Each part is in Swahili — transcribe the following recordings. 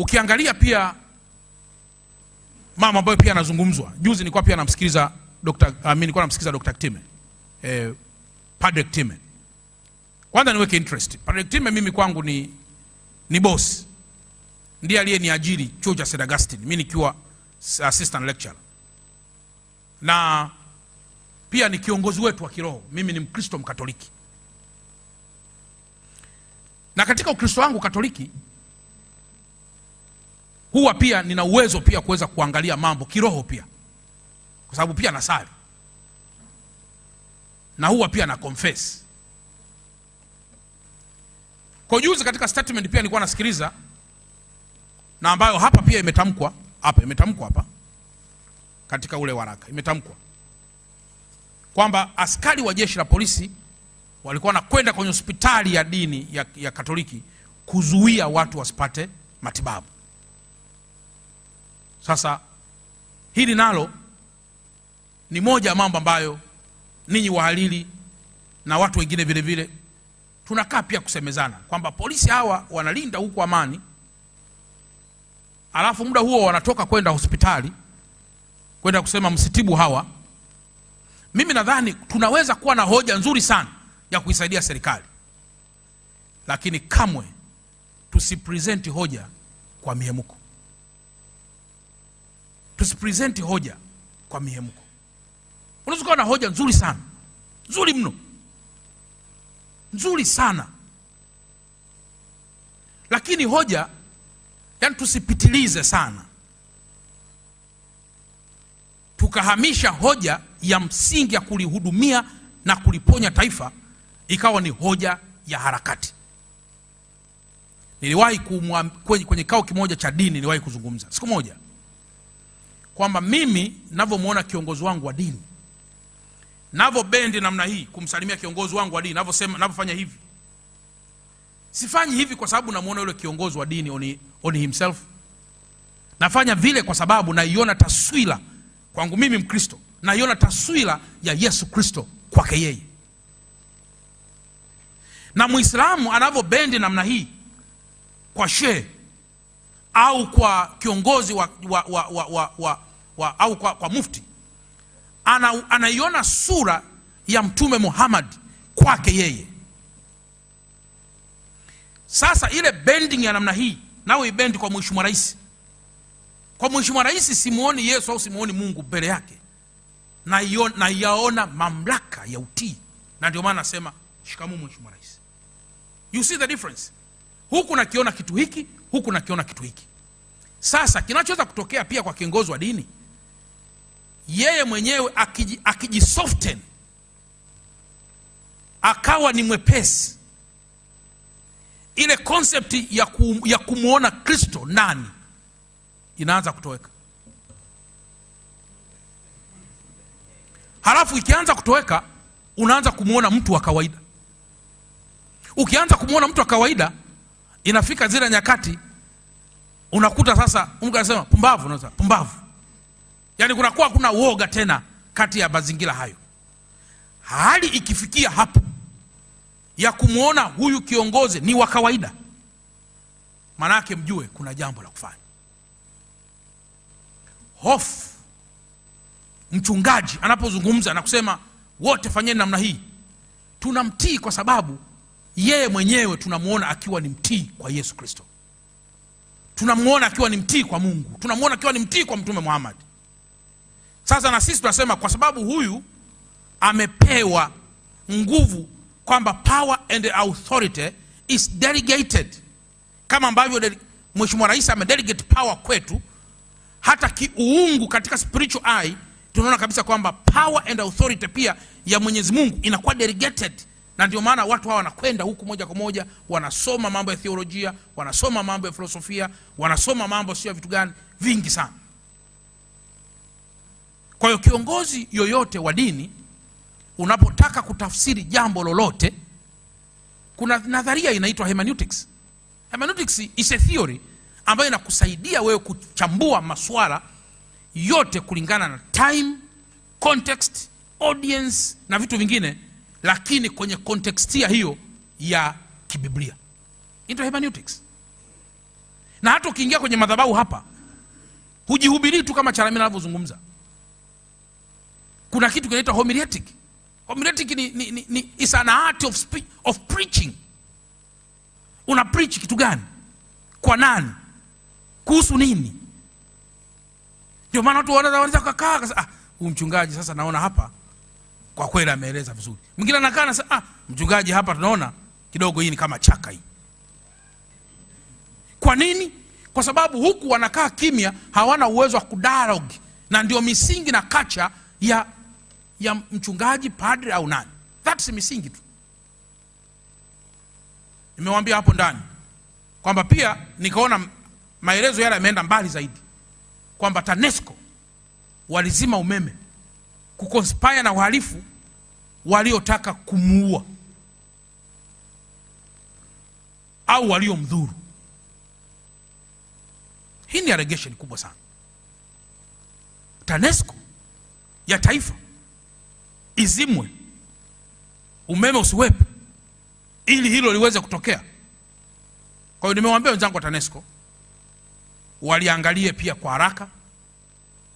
Ukiangalia pia mama ambayo pia anazungumzwa juzi, nilikuwa pia namsikiliza Dr. I mean, nilikuwa namsikiliza Dr. Kitime eh, Padre Kitime. Kwanza niweke interest, Padre Kitime mimi kwangu ni ni boss, ndiye aliyeniajiri chuo cha St. Augustine mimi nikiwa assistant lecturer, na pia ni kiongozi wetu wa kiroho. Mimi ni Mkristo Mkatoliki, na katika Ukristo wangu Katoliki huwa pia nina uwezo pia kuweza kuangalia mambo kiroho pia, kwa sababu pia nasali na huwa pia na confess. Kwa juzi katika statement pia nilikuwa nasikiliza na ambayo hapa pia imetamkwa hapa, imetamkwa hapa katika ule waraka imetamkwa kwamba askari wa jeshi la polisi walikuwa wanakwenda kwenye hospitali ya dini ya, ya Katoliki kuzuia watu wasipate matibabu sasa hili nalo ni moja ya mambo ambayo ninyi wahalili na watu wengine vile vile tunakaa pia kusemezana kwamba polisi hawa wanalinda huku amani alafu muda huo wanatoka kwenda hospitali kwenda kusema msitibu hawa mimi nadhani tunaweza kuwa na hoja nzuri sana ya kuisaidia serikali lakini kamwe tusipresenti hoja kwa miemuko tusipresenti hoja kwa mihemko. Unaweza na hoja nzuri sana, nzuri mno, nzuri sana, lakini hoja, yani tusipitilize sana, tukahamisha hoja ya msingi ya kulihudumia na kuliponya taifa ikawa ni hoja ya harakati. Niliwahi kwenye kikao kimoja cha dini, niliwahi kuzungumza siku moja kwamba mimi navyomwona kiongozi wangu wa dini navyobendi namna hii kumsalimia kiongozi wangu wa dini navyosema navyofanya hivi sifanyi hivi kwa sababu namwona yule kiongozi wa dini on, on himself nafanya vile kwa sababu naiona taswira kwangu mimi mkristo naiona taswira ya yesu kristo kwake yeye na mwislamu anavyobendi namna hii kwa shehe au kwa kiongozi wa, wa, wa, wa, wa, wa, kwa, au kwa, kwa mufti anaiona ana sura ya mtume Muhammad kwake yeye. Sasa ile bending ya namna hii nawe ibendi kwa mheshimiwa rais. Kwa mheshimiwa rais simuoni Yesu au simuoni Mungu mbele yake, naiyaona na mamlaka ya utii, na ndio maana nasema shikamoo mheshimiwa rais. You see the difference? Huku nakiona kitu hiki, huku nakiona kitu hiki. Sasa kinachoweza kutokea pia kwa kiongozi wa dini yeye mwenyewe akijisoften akiji akawa ni mwepesi ile konsepti ya, ku, ya kumwona kristo nani inaanza kutoweka halafu ikianza kutoweka unaanza kumwona mtu wa kawaida ukianza kumwona mtu wa kawaida inafika zile nyakati unakuta sasa mtu anasema pumbavu naza pumbavu yaani kunakuwa kuna uoga tena kati ya mazingira hayo hali ikifikia hapo ya kumwona huyu kiongozi ni wa kawaida manake mjue kuna jambo la kufanya hofu mchungaji anapozungumza na kusema wote fanyeni namna hii tunamtii kwa sababu yeye mwenyewe tunamwona akiwa ni mtii kwa yesu kristo tunamwona akiwa ni mtii kwa mungu tunamwona akiwa ni mtii kwa mtume Muhammad. Sasa na sisi tunasema kwa sababu huyu amepewa nguvu kwamba power and authority is delegated, kama ambavyo Mheshimiwa Rais amedelegate power kwetu, hata kiuungu katika spiritual eye tunaona kabisa kwamba power and authority pia ya Mwenyezi Mungu inakuwa delegated, na ndio maana watu hawa wanakwenda huku moja kwa moja, wanasoma mambo ya theolojia, wanasoma mambo ya filosofia, wanasoma mambo sio ya vitu gani vingi sana. Kwa hiyo kiongozi yoyote wa dini unapotaka kutafsiri jambo lolote, kuna nadharia inaitwa hermeneutics. Hermeneutics is a theory ambayo inakusaidia wewe kuchambua masuala yote kulingana na time, context, audience na vitu vingine, lakini kwenye kontekstia hiyo ya kibiblia inaitwa hermeneutics. Na hata ukiingia kwenye madhabahu hapa, hujihubiri tu kama Chalamila anavyozungumza kuna kitu kinaitwa homiletic homiletic ni, ni, ni, ni is an art of, speech, of preaching una preach kitu gani kwa nani kuhusu nini ndio maana watu wanaweza kukaa ah, huyu mchungaji sasa naona hapa kwa kweli ameeleza vizuri mwingine anakaa na ah, mchungaji hapa tunaona kidogo hii ni kama chaka hii kwa nini kwa sababu huku wanakaa kimya hawana uwezo wa kudialogue na ndio misingi na kacha ya ya mchungaji padre au nani that's misingi tu nimewambia hapo ndani kwamba pia nikaona maelezo yale yameenda mbali zaidi kwamba tanesco walizima umeme kukonspire na wahalifu waliotaka kumuua au waliomdhuru hii ni allegation kubwa sana tanesco ya taifa izimwe, umeme usiwepo ili hilo liweze kutokea. Kwa hiyo nimewaambia wenzangu wa TANESCO waliangalie pia kwa haraka,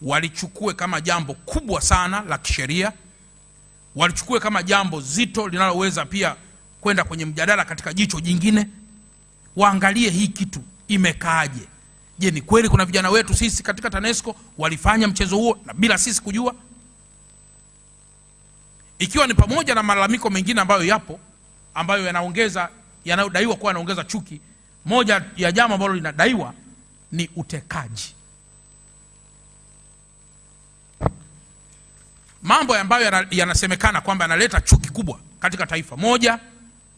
walichukue kama jambo kubwa sana la kisheria, walichukue kama jambo zito linaloweza pia kwenda kwenye mjadala katika jicho jingine, waangalie hii kitu imekaaje. Je, ni kweli kuna vijana wetu sisi katika TANESCO walifanya mchezo huo na bila sisi kujua? ikiwa ni pamoja na malalamiko mengine ambayo yapo ambayo yanaongeza yanayodaiwa kuwa yanaongeza chuki. Moja ya jambo ambalo linadaiwa ni utekaji, mambo ambayo yanasemekana kwamba yanaleta chuki kubwa katika taifa. Moja,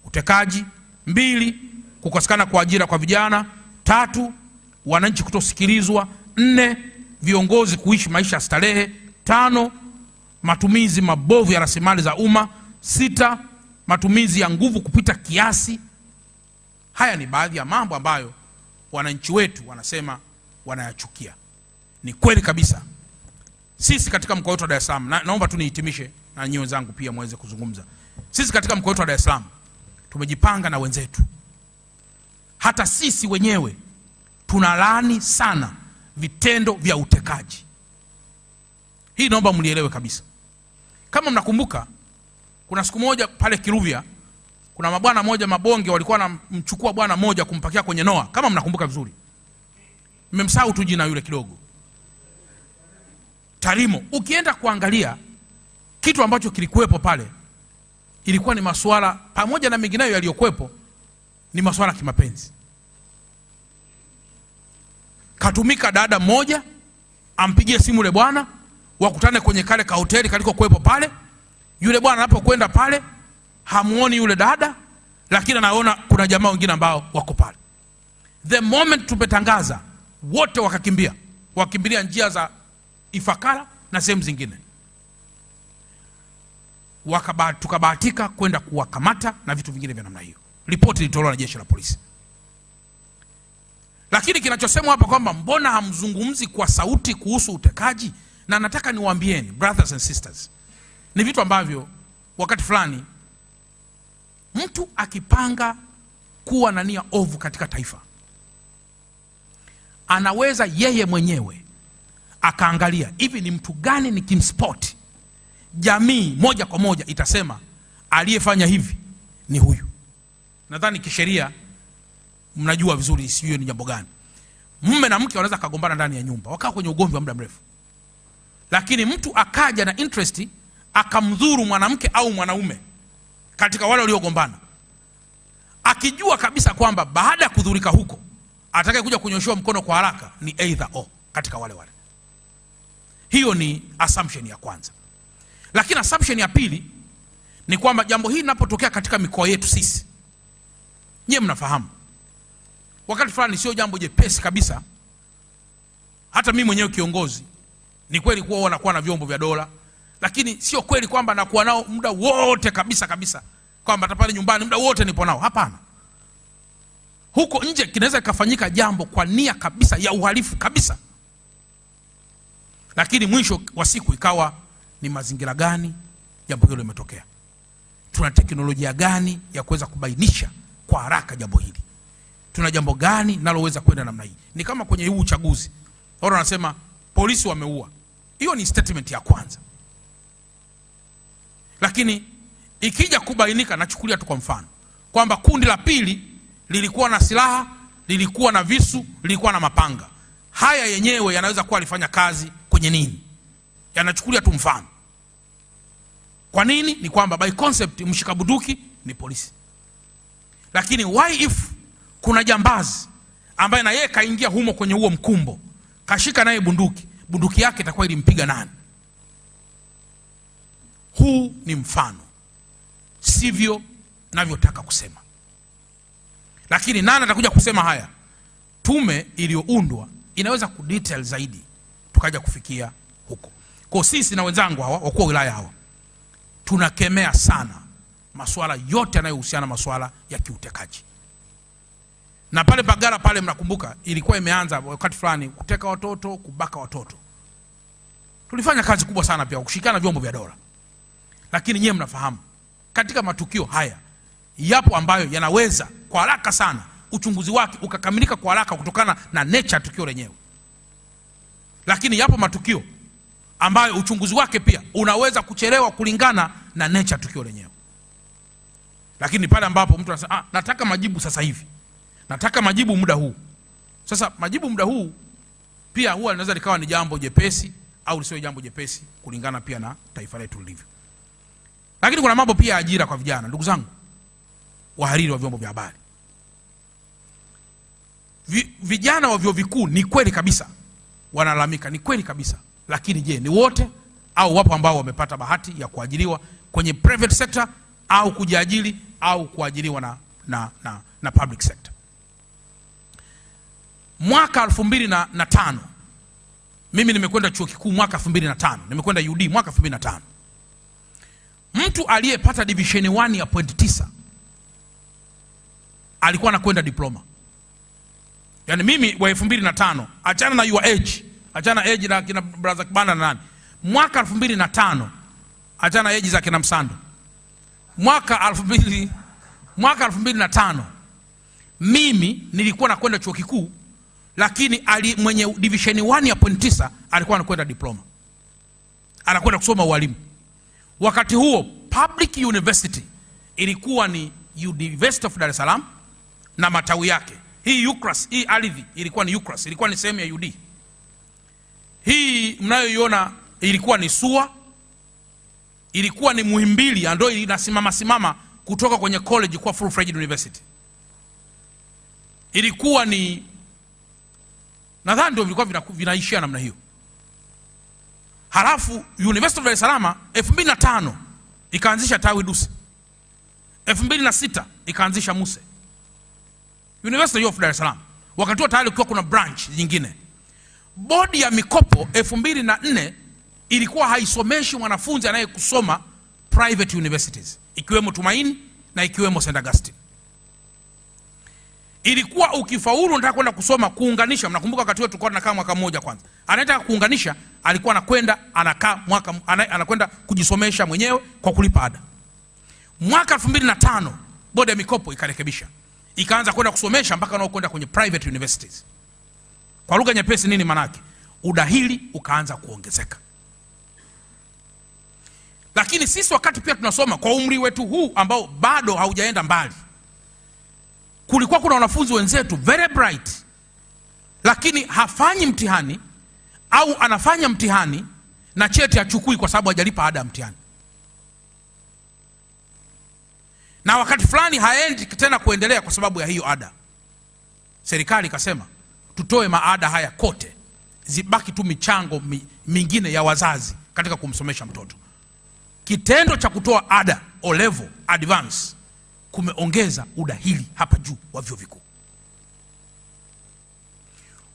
utekaji; mbili, kukosekana kwa ajira kwa vijana; tatu, wananchi kutosikilizwa; nne, viongozi kuishi maisha ya starehe; tano matumizi mabovu ya rasilimali za umma. Sita, matumizi ya nguvu kupita kiasi. Haya ni baadhi ya mambo ambayo wananchi wetu wanasema wanayachukia. Ni kweli kabisa. Sisi katika mkoa wetu wa Dar es Salaam na, naomba tu nihitimishe na nyinyi wenzangu pia muweze kuzungumza. Sisi katika mkoa wetu wa Dar es Salaam tumejipanga na wenzetu, hata sisi wenyewe tunalaani sana vitendo vya utekaji. Hii naomba mlielewe kabisa kama mnakumbuka kuna siku moja pale kiruvya kuna mabwana moja mabonge walikuwa wanamchukua bwana moja kumpakia kwenye noa kama mnakumbuka vizuri mmemsahau tu jina yule kidogo tarimo ukienda kuangalia kitu ambacho kilikuwepo pale ilikuwa ni masuala pamoja na mengineyo yaliyokuwepo ni masuala ya kimapenzi katumika dada mmoja ampigie simu le bwana wakutane kwenye kale ka kaliko kalikokuwepo pale. Yule bwana anapokwenda pale hamuoni yule dada, lakini anaona kuna jamaa wengine ambao wako pale. The moment tumetangaza, wote wakakimbia, wakimbilia njia za Ifakara na sehemu zingine, tukabahatika kwenda kuwakamata na vitu vingine vya namna hiyo. Ripoti ilitolewa na jeshi la polisi, lakini kinachosemwa hapa kwamba mbona hamzungumzi kwa sauti kuhusu utekaji na nataka niwaambieni brothers and sisters, ni vitu ambavyo wakati fulani mtu akipanga kuwa na nia ovu katika taifa anaweza yeye mwenyewe akaangalia hivi ni mtu gani kimspot jamii moja kwa moja itasema aliyefanya hivi ni huyu nadhani kisheria mnajua vizuri sijue ni jambo gani mume na mke wanaweza akagombana ndani ya nyumba wakaa kwenye ugomvi wa muda mrefu lakini mtu akaja na interest akamdhuru mwanamke au mwanaume katika wale waliogombana akijua kabisa kwamba baada ya kudhurika huko atakaye kuja kunyoshewa mkono kwa haraka ni either or katika wale wale hiyo ni assumption ya kwanza lakini assumption ya pili ni kwamba jambo hili linapotokea katika mikoa yetu sisi nyie mnafahamu wakati fulani sio jambo jepesi kabisa hata mimi mwenyewe kiongozi ni kweli kuwa wanakuwa na vyombo vya dola, lakini sio kweli kwamba nakuwa nao muda wote kabisa kabisa, kwamba hata pale nyumbani muda wote nipo nao. Hapana, huko nje kinaweza kikafanyika jambo kwa nia kabisa ya uhalifu kabisa, lakini mwisho wa siku ikawa ni mazingira gani jambo hilo limetokea. Tuna teknolojia gani ya kuweza kubainisha kwa haraka jambo hili? Tuna jambo gani naloweza kwenda namna hii? Ni kama kwenye huu uchaguzi, watu wanasema polisi wameua, hiyo ni statement ya kwanza, lakini ikija kubainika, nachukulia tu kwa mfano kwamba kundi la pili lilikuwa na silaha, lilikuwa na visu, lilikuwa na mapanga. Haya yenyewe yanaweza kuwa alifanya kazi kwenye nini, yanachukulia tu mfano. Kwa nini? Ni kwamba by concept mshika bunduki ni polisi, lakini why if kuna jambazi ambaye na yeye kaingia humo kwenye huo mkumbo, kashika naye bunduki bunduki yake itakuwa ilimpiga nani? Huu ni mfano, sivyo navyotaka kusema, lakini nani atakuja kusema haya? Tume iliyoundwa inaweza kudetail zaidi, tukaja kufikia huko. Kwa sisi na wenzangu hawa wakuu wa wilaya hawa tunakemea sana masuala yote yanayohusiana masuala ya kiutekaji na pale Bagara pale, mnakumbuka ilikuwa imeanza wakati fulani kuteka watoto, kubaka watoto. Tulifanya kazi kubwa sana pia kushikana vyombo vya dola, lakini nyie mnafahamu katika matukio haya yapo ambayo yanaweza kwa haraka sana uchunguzi wake ukakamilika kwa haraka kutokana na nature tukio lenyewe, lakini yapo matukio ambayo uchunguzi wake pia unaweza kuchelewa kulingana na nature tukio lenyewe. Lakini pale ambapo mtu anasema ah, nataka majibu sasa hivi nataka majibu muda huu. Sasa majibu muda huu pia huwa linaweza likawa ni jambo jepesi au lisiwe jambo jepesi, kulingana pia na taifa letu lilivyo. Lakini kuna mambo pia ajira kwa vijana. Ndugu zangu wahariri wa vyombo vya habari, vijana wa vyuo vikuu, ni kweli kabisa wanalalamika, ni kweli kabisa, lakini je, ni wote au wapo ambao wamepata bahati ya kuajiriwa kwenye private sector au kujiajiri au kuajiriwa na, na, na, na public sector? mwaka elfu mbili na, na tano mimi nimekwenda chuo kikuu mwaka elfu mbili na tano nimekwenda ud mwaka elfu mbili na tano mtu aliyepata divisheni 1 ya point tisa alikuwa anakwenda diploma yani mimi wa elfu mbili na tano achana na your age achana age na kina braza kibanda na nani mwaka elfu mbili na tano achana age za kina msando mwaka elfu mbili mwaka elfu mbili na tano mimi nilikuwa nakwenda chuo kikuu lakini ali, mwenye divisheni 1 ya point 9 alikuwa anakwenda diploma, anakwenda kusoma ualimu. Wakati huo public university ilikuwa ni University of Dar es Salaam na matawi yake. Hii UCRAS, hii ardhi ilikuwa ni UCRAS, ilikuwa ni sehemu ya UD. Hii mnayoiona ilikuwa ni SUA, ilikuwa ni Muhimbili ndio inasimama simama kutoka kwenye college kuwa full fledged university, ilikuwa ni nadhani ndio vilikuwa vinaishia namna hiyo halafu university of dar es salaam elfu ikaanzisha tawi Dusi, 2006 ikaanzisha muse university of dar es salaam wakati huo tayari ukiwa kuna branch nyingine bodi ya mikopo 2004 ilikuwa haisomeshi mwanafunzi anayekusoma private universities ikiwemo tumaini na ikiwemo st augustine ilikuwa ukifaulu nataka kwenda kusoma kuunganisha. Mnakumbuka wakati huo tulikuwa tunakaa mwaka mmoja kwanza, anataka kuunganisha alikuwa anakwenda anakaa mwaka anakwenda kujisomesha mwenyewe kwa kulipa ada. Mwaka 2005 bodi ya mikopo ikarekebisha, ikaanza kwenda kusomesha mpaka nao kwenda kwenye private universities. Kwa lugha nyepesi, nini manake? Udahili ukaanza kuongezeka. Lakini sisi wakati pia tunasoma kwa umri wetu huu ambao bado haujaenda mbali kulikuwa kuna wanafunzi wenzetu very bright, lakini hafanyi mtihani au anafanya mtihani na cheti achukui kwa sababu hajalipa ada ya mtihani, na wakati fulani haendi tena kuendelea kwa sababu ya hiyo ada. Serikali ikasema tutoe maada haya kote, zibaki tu michango mingine ya wazazi katika kumsomesha mtoto. Kitendo cha kutoa ada olevo advance kumeongeza udahili hapa juu wa vyuo vikuu.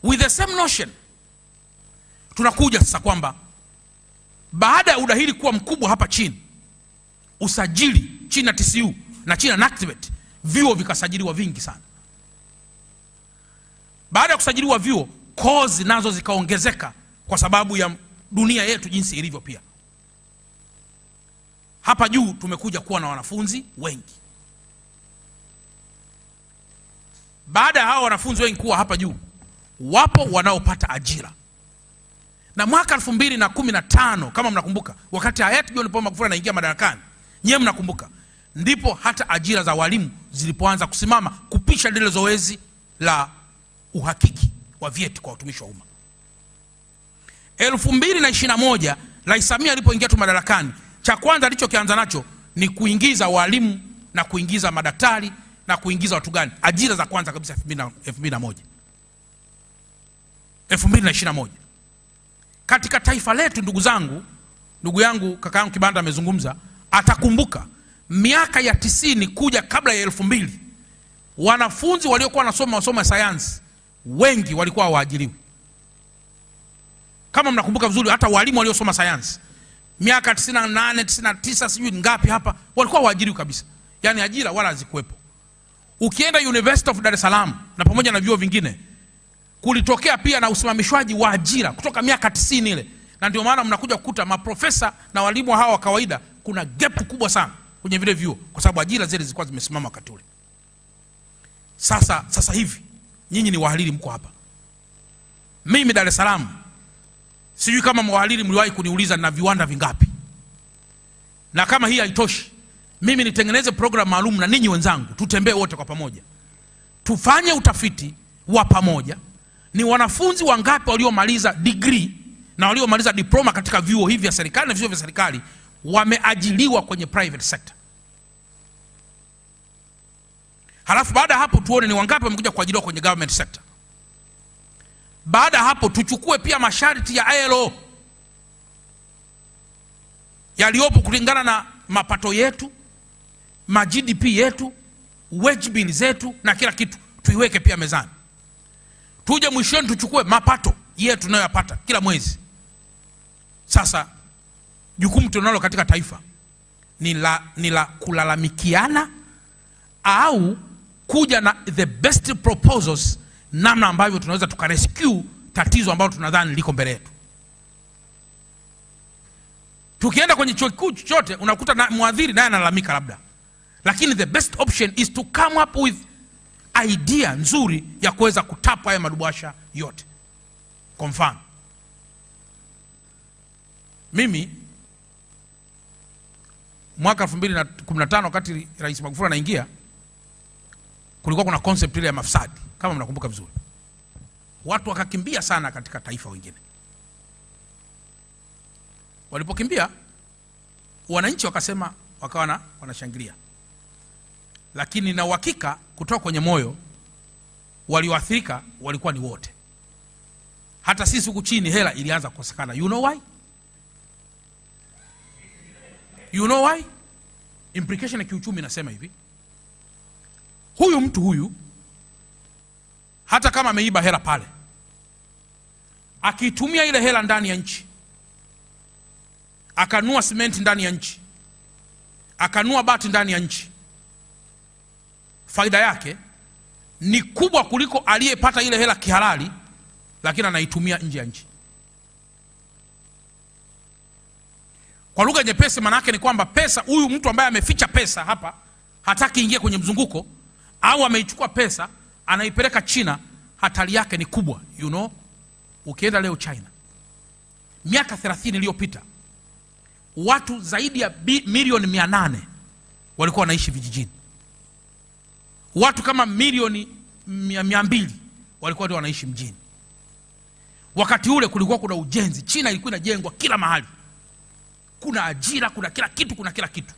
With the same notion tunakuja sasa kwamba baada ya udahili kuwa mkubwa hapa chini, usajili chini ya TCU na chini ya NACTVET, vyuo vikasajiliwa vingi sana. Baada ya kusajiliwa vyuo, kozi nazo zikaongezeka kwa sababu ya dunia yetu jinsi ilivyo. Pia hapa juu tumekuja kuwa na wanafunzi wengi. baada ya hao wanafunzi wengi kuwa hapa juu, wapo wanaopata ajira. Na mwaka elfu mbili na kumi na tano kama mnakumbuka, wakati hayati John Pombe Magufuli anaingia madarakani, nyewe mnakumbuka, ndipo hata ajira za walimu zilipoanza kusimama kupisha lile zoezi la uhakiki wa vyeti kwa watumishi wa umma. elfu mbili na ishirini na moja Rais Samia alipoingia tu madarakani, cha kwanza alichokianza nacho ni kuingiza walimu na kuingiza madaktari na kuingiza watu gani ajira za kwanza kabisa 2021 2021 katika taifa letu ndugu zangu ndugu yangu kaka yangu Kibanda amezungumza atakumbuka miaka ya tisini kuja kabla ya elfu mbili wanafunzi waliokuwa wanasoma masomo ya sayansi wengi walikuwa hawaajiriwi kama mnakumbuka vizuri hata walimu waliosoma sayansi miaka 98 99 sijui ngapi hapa walikuwa waajiriwi kabisa yani ajira wala hazikuwepo Ukienda University of Dar es Salaam na pamoja na vyuo vingine, kulitokea pia na usimamishwaji wa ajira kutoka miaka 90 ile, na ndio maana mnakuja kukuta maprofesa na walimu hawa wa kawaida, kuna gap kubwa sana kwenye vile vyuo, kwa sababu ajira zile zilikuwa zimesimama wakati ule. Sasa sasa hivi nyinyi ni wahariri, mko hapa, mimi Dar es Salaam, sijui kama mwahariri mliwahi kuniuliza na viwanda vingapi, na kama hii haitoshi mimi nitengeneze programu maalum na ninyi wenzangu, tutembee wote kwa pamoja, tufanye utafiti wa pamoja, ni wanafunzi wangapi waliomaliza degree na waliomaliza diploma katika vyuo hivi vya serikali na vyuo vya serikali wameajiliwa kwenye private sector. Halafu baada ya hapo tuone ni wangapi wamekuja kuajiriwa kwenye government sector. Baada ya hapo tuchukue pia masharti ya ILO yaliyopo kulingana na mapato yetu, ma gdp yetu wage zetu na kila kitu tuiweke pia mezani, tuje mwishoni tuchukue mapato yetu tunayoyapata kila mwezi. Sasa jukumu tunalo katika taifa ni la, ni la kulalamikiana au kuja na the best proposals, namna ambavyo tunaweza tukarescue tatizo ambalo tunadhani liko mbele yetu. Tukienda kwenye chuo kikuu chochote unakuta na mwadhiri naye analalamika labda lakini the best option is to come up with idea nzuri ya kuweza kutapa haya madubasha yote kwa mfano mimi mwaka 2015 wakati rais magufuli anaingia kulikuwa kuna concept ile ya mafsadi kama mnakumbuka vizuri watu wakakimbia sana katika taifa wengine walipokimbia wananchi wakasema wakawa wanashangilia lakini na uhakika kutoka kwenye moyo walioathirika walikuwa ni wote. Hata sisi huku chini hela ilianza kukosekana. You know You know Implication ya kiuchumi inasema hivi, huyu mtu huyu hata kama ameiba hela pale, akitumia ile hela ndani ya nchi, akanua simenti ndani ya nchi, akanua bati ndani ya nchi faida yake ni kubwa kuliko aliyepata ile hela kihalali lakini anaitumia nje ya nchi kwa lugha nyepesi maana yake ni kwamba pesa huyu mtu ambaye ameficha pesa hapa hataki ingie kwenye mzunguko au ameichukua pesa anaipeleka china hatari yake ni kubwa you know ukienda leo china miaka 30 iliyopita watu zaidi ya mia 800 walikuwa wanaishi vijijini watu kama milioni mia mbili walikuwa ndio wanaishi mjini wakati ule kulikuwa kuna ujenzi china ilikuwa inajengwa kila mahali kuna ajira kuna kila kitu kuna kila kitu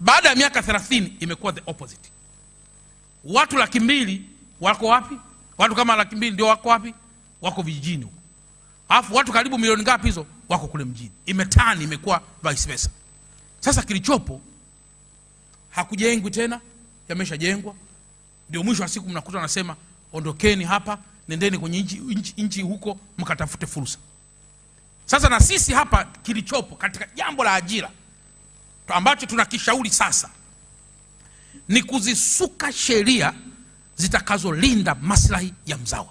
baada ya miaka thelathini imekuwa the opposite watu laki mbili wako wapi watu kama laki mbili ndio wako wapi wako vijijini huko alafu watu karibu milioni ngapi hizo wako kule mjini imetani imekuwa vice versa sasa kilichopo hakujengwi tena yameshajengwa. Ndio mwisho wa siku mnakuta anasema ondokeni hapa, nendeni kwenye nchi huko mkatafute fursa. Sasa na sisi hapa kilichopo katika jambo la ajira ambacho tunakishauri sasa ni kuzisuka sheria zitakazolinda maslahi ya mzawa,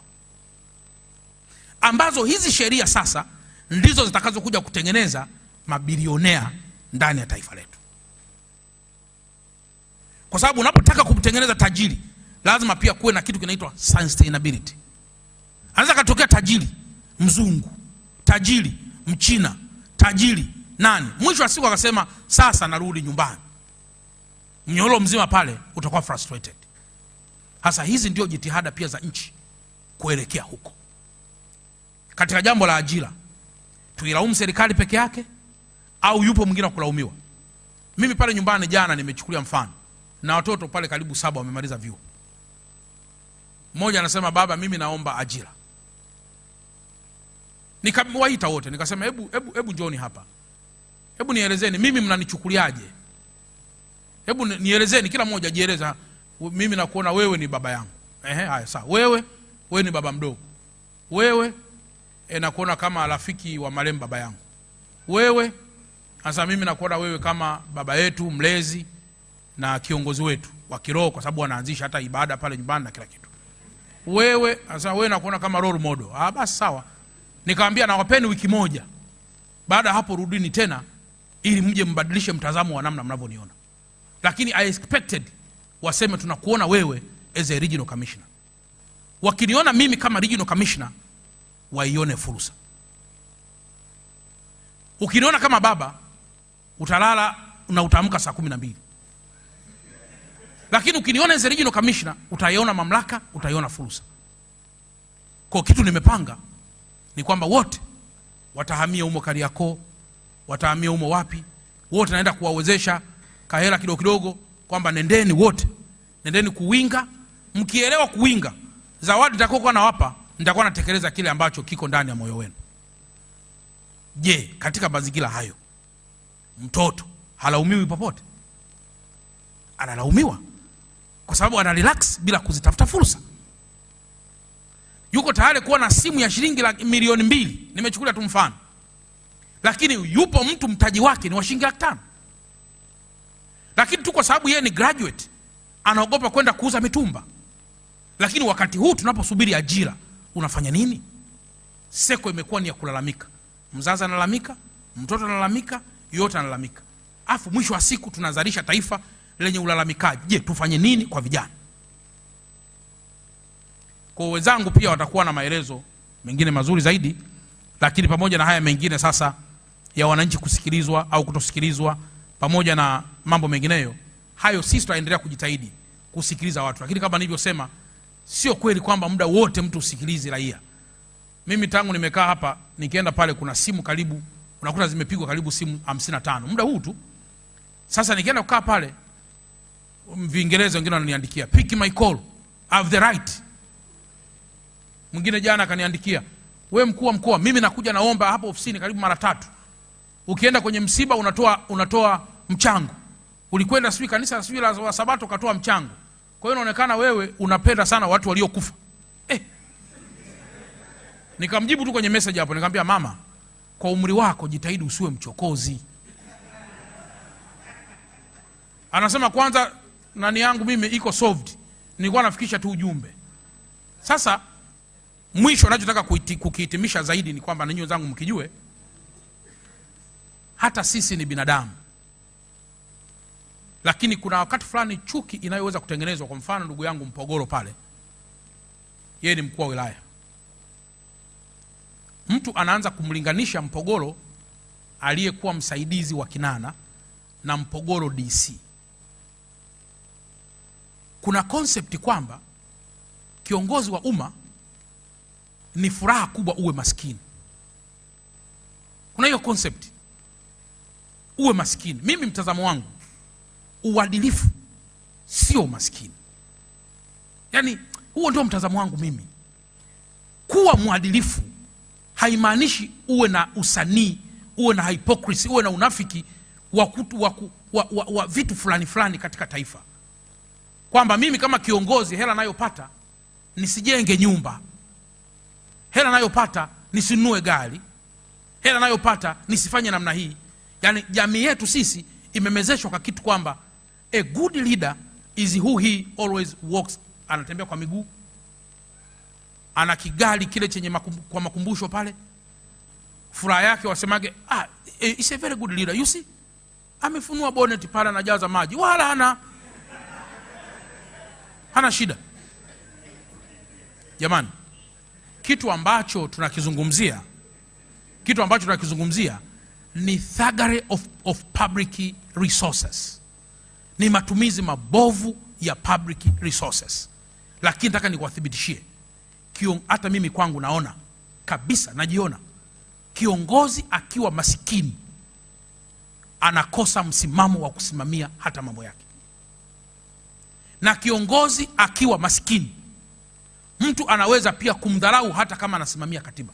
ambazo hizi sheria sasa ndizo zitakazokuja kutengeneza mabilionea ndani ya taifa letu kwa sababu unapotaka kumtengeneza tajiri lazima pia kuwe na kitu kinaitwa sustainability. Anaweza katokea tajiri mzungu, tajiri mchina, tajiri nani, mwisho wa siku akasema sasa narudi nyumbani, mnyororo mzima pale utakuwa frustrated. Hasa hizi ndio jitihada pia za nchi kuelekea huko. Katika jambo la ajira, tuilaumu serikali peke yake au yupo mwingine wa kulaumiwa? Mimi pale nyumbani jana nimechukulia mfano na watoto pale karibu saba wamemaliza vyuo. Mmoja anasema baba, mimi naomba ajira. Nikawaita wote nikasema, hebu hebu hebu njoni hapa, hebu nielezeni mimi mnanichukuliaje? Hebu nielezeni, kila mmoja jieleza. Mimi nakuona wewe ni baba yangu. Ehe, haya sawa, wewe wewe ni baba mdogo, wewe e, nakuona kama rafiki wa marehemu baba yangu. Wewe sasa, mimi nakuona wewe kama baba yetu mlezi na kiongozi wetu wa kiroho, kwa sababu wanaanzisha hata ibada pale nyumbani na kila kitu. Wewe sasa, wewe nakuona kama role model. Ah, basi sawa. Nikamwambia nawapeni wiki moja, baada hapo rudini tena ili mje mbadilishe mtazamo wa namna mnavyoniona, lakini I expected waseme tunakuona wewe as a regional commissioner. Wakiniona mimi kama regional commissioner, waione fursa. Ukiniona kama baba, utalala na utaamka saa kumi na mbili lakini ukiniona as a regional commissioner utaiona mamlaka utaiona fursa kwa kitu nimepanga ni kwamba wote watahamia humo Kariakoo watahamia humo wapi wote naenda kuwawezesha kahela kidogo kidogo kwamba nendeni wote nendeni kuwinga mkielewa kuwinga zawadi nitakuwa nawapa nitakuwa natekeleza kile ambacho kiko ndani ya moyo wenu je katika mazingira hayo mtoto halaumiwi popote analaumiwa kwa sababu ana relax bila kuzitafuta fursa. Yuko tayari kuwa na simu ya shilingi milioni mbili, nimechukulia tu mfano, lakini yupo mtu mtaji wake ni wa shilingi laki tano, lakini tu kwa sababu yeye ni graduate anaogopa kwenda kuuza mitumba. Lakini wakati huu tunaposubiri ajira, unafanya nini? Seko imekuwa ni ya kulalamika, mzazi analalamika, mtoto analalamika, yote analalamika, afu mwisho wa siku tunazalisha taifa lenye ulalamikaji. Je, tufanye nini kwa vijana? Kwa wenzangu pia watakuwa na maelezo mengine mazuri zaidi, lakini pamoja na haya mengine sasa ya wananchi kusikilizwa au kutosikilizwa, pamoja na mambo mengineyo hayo, sisi tunaendelea kujitahidi kusikiliza watu, lakini kama nilivyosema, sio kweli kwamba muda wote mtu usikilizi raia. Mimi tangu nimekaa hapa, nikienda pale, kuna simu karibu unakuta zimepigwa karibu simu hamsini na tano muda huu tu. Sasa nikienda kukaa pale Viingereza wengine wananiandikia pick my call, I have the right. Mwingine jana akaniandikia, we mkuu wa mkoa, mimi nakuja naomba hapo ofisini karibu mara tatu. Ukienda kwenye msiba unatoa, unatoa mchango, ulikwenda sijui kanisa sijui la Wasabato ukatoa mchango. Kwa hiyo inaonekana wewe unapenda sana watu waliokufa eh. Nikamjibu tu kwenye message hapo, nikamwambia mama, kwa umri wako jitahidi usiwe mchokozi. Anasema kwanza nani yangu mimi iko solved nilikuwa nafikisha tu ujumbe sasa mwisho nachotaka kukihitimisha zaidi ni kwamba ninyi wenzangu mkijue hata sisi ni binadamu lakini kuna wakati fulani chuki inayoweza kutengenezwa kwa mfano ndugu yangu mpogoro pale yeye ni mkuu wa wilaya mtu anaanza kumlinganisha mpogoro aliyekuwa msaidizi wa kinana na mpogoro dc kuna konsepti kwamba kiongozi wa umma ni furaha kubwa uwe maskini kuna hiyo konsepti uwe maskini mimi mtazamo wangu uadilifu sio umaskini yaani huo ndio mtazamo wangu mimi kuwa mwadilifu haimaanishi uwe na usanii uwe na hypocrisy uwe na unafiki wa, kutu, wa, wa, wa, wa vitu fulani fulani katika taifa kwamba mimi kama kiongozi hela nayopata nisijenge nyumba hela nayopata nisinunue gari hela nayopata nisifanye namna hii Yani jamii yetu sisi imemezeshwa kwa kitu kwamba a good leader is who he always walks anatembea kwa miguu ana kigari kile chenye makumbu, kwa makumbusho pale furaha yake wasemage ah, is eh, a very good leader you see amefunua boneti pale anajaza maji wala ana hana shida jamani kitu ambacho tunakizungumzia kitu ambacho tunakizungumzia ni thagare of, of public resources ni matumizi mabovu ya public resources lakini nataka nikuwathibitishie hata mimi kwangu naona kabisa najiona kiongozi akiwa masikini anakosa msimamo wa kusimamia hata mambo yake na kiongozi akiwa maskini mtu anaweza pia kumdharau hata kama anasimamia katiba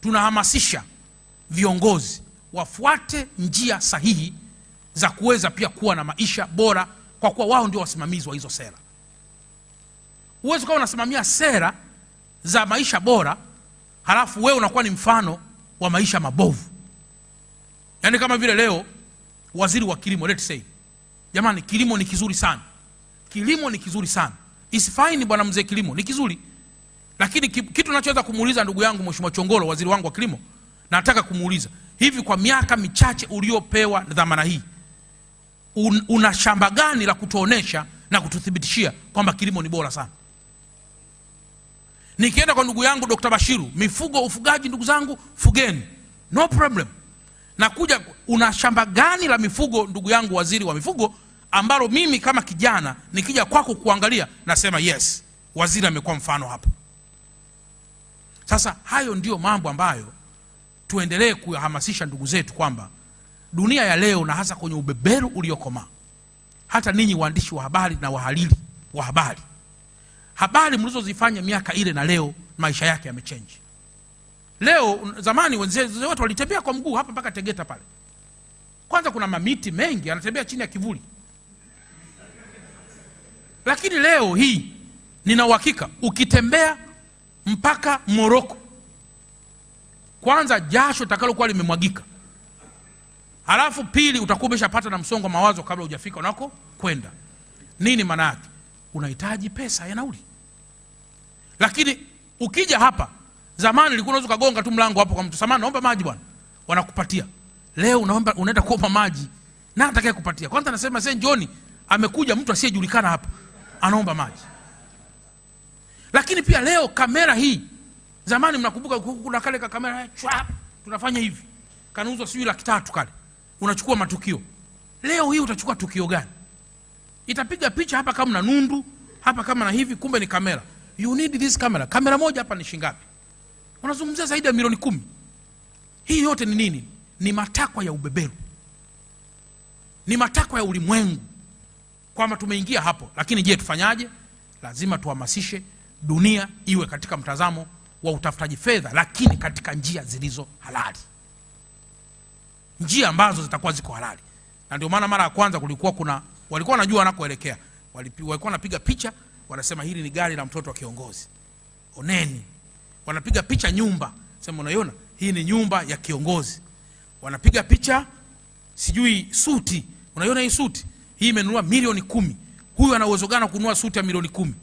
tunahamasisha viongozi wafuate njia sahihi za kuweza pia kuwa na maisha bora kwa kuwa wao ndio wasimamizi wa hizo sera huwezi ukawa unasimamia sera za maisha bora halafu wewe unakuwa ni mfano wa maisha mabovu yaani kama vile leo waziri wa kilimo let's say jamani kilimo ni kizuri sana kilimo ni kizuri sana isfaini bwana mzee kilimo ni kizuri lakini kitu nachoweza kumuuliza ndugu yangu mweshimua chongolo waziri wangu wa kilimo nataka kumuuliza hivi kwa miaka michache uliopewa dhamana hii un, una shamba gani la kutuonesha na kututhibitishia kwamba kilimo ni bora sana nikienda kwa ndugu yangu dr bashiru mifugo ufugaji ndugu zangu fugeni no problem nakuja una shamba gani la mifugo ndugu yangu waziri wa mifugo ambalo mimi kama kijana nikija kwako kuangalia nasema yes waziri amekuwa mfano hapa sasa hayo ndiyo mambo ambayo tuendelee kuyahamasisha ndugu zetu kwamba dunia ya leo na hasa kwenye ubeberu uliokomaa hata ninyi waandishi wa habari na wahalili wa habari habari mlizozifanya miaka ile na leo maisha yake yamechenji leo zamani wenzee watu walitembea kwa mguu hapa mpaka tegeta pale kwanza kuna mamiti mengi anatembea chini ya kivuli lakini leo hii nina uhakika ukitembea mpaka Moroko, kwanza jasho litakalokuwa limemwagika, halafu pili utakuwa umeshapata na msongo wa mawazo kabla hujafika unako kwenda. Nini maana yake? Unahitaji pesa ya nauli. Lakini ukija hapa, zamani ilikuwa unaweza kugonga tu mlango hapo kwa mtu, samani naomba maji bwana, wanakupatia. Leo unaomba unaenda kuomba maji, na atakaye kupatia kwanza. Nasema sasa, njoni, amekuja mtu asiyejulikana hapa anaomba maji lakini pia leo kamera hii zamani mnakumbuka kuna kale ka kamera chwa tunafanya hivi kanauzwa sijui laki tatu kale unachukua matukio leo hii utachukua tukio gani itapiga picha hapa kama na nundu hapa kama na hivi kumbe ni kamera you need this camera kamera moja hapa ni shingapi unazungumzia zaidi ya milioni kumi hii yote ni nini ni matakwa ya ubeberu ni matakwa ya ulimwengu kwamba tumeingia hapo, lakini je, tufanyaje? Lazima tuhamasishe dunia iwe katika mtazamo wa utafutaji fedha, lakini katika njia zilizo halali, njia ambazo zitakuwa ziko halali. Na ndio maana mara ya kwanza kulikuwa kuna walikuwa wanajua wanakoelekea, walikuwa wanapiga picha, wanasema hili ni gari la mtoto wa kiongozi, oneni. Wanapiga picha nyumba, sema unaiona, hii ni nyumba ya kiongozi. Wanapiga picha sijui suti, unaiona hii suti hii imenunua milioni kumi huyu ana uwezo gani kununua suti ya milioni kumi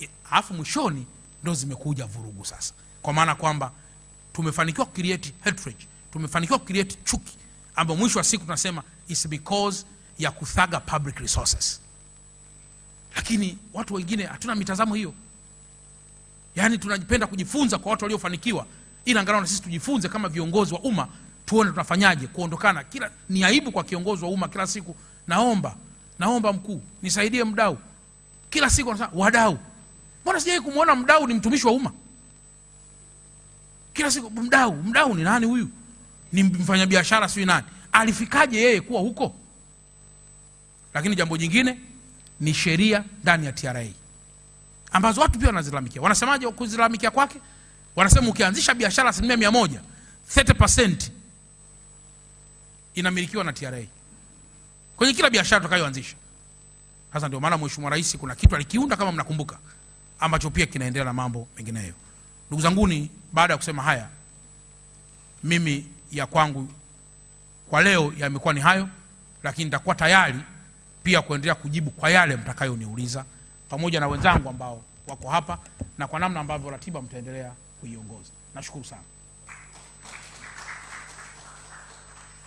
e, alafu mwishoni ndo zimekuja vurugu sasa kwa maana kwamba tumefanikiwa kucreate hatred tumefanikiwa kucreate chuki ambayo mwisho wa siku tunasema is because ya kuthaga public resources lakini watu wengine hatuna mitazamo hiyo yaani tunapenda kujifunza kwa watu waliofanikiwa ili angalau na sisi tujifunze kama viongozi wa umma tuone tunafanyaje kuondokana kila ni aibu kwa kiongozi wa umma kila siku naomba naomba mkuu nisaidie mdau kila siku anasema wadau mbona sijai kumwona mdau ni mtumishi wa umma kila siku mdau mdau ni nani huyu ni mfanyabiashara sijui nani alifikaje yeye kuwa huko lakini jambo jingine ni sheria ndani ya tra ambazo watu pia wanazilalamikia wanasemaje kuzilalamikia kwake wanasema ukianzisha biashara asilimia mia moja 30 inamilikiwa na tra kwenye kila biashara tutakayoanzisha. Sasa ndio maana Mheshimiwa Rais kuna kitu alikiunda kama mnakumbuka, ambacho pia kinaendelea na mambo mengineyo. Ndugu zanguni, baada ya kusema haya, mimi ya kwangu kwa leo yamekuwa ni hayo, lakini nitakuwa tayari pia kuendelea kujibu kwa yale mtakayoniuliza pamoja na wenzangu ambao wako hapa na kwa namna ambavyo ratiba mtaendelea kuiongoza. Nashukuru sana.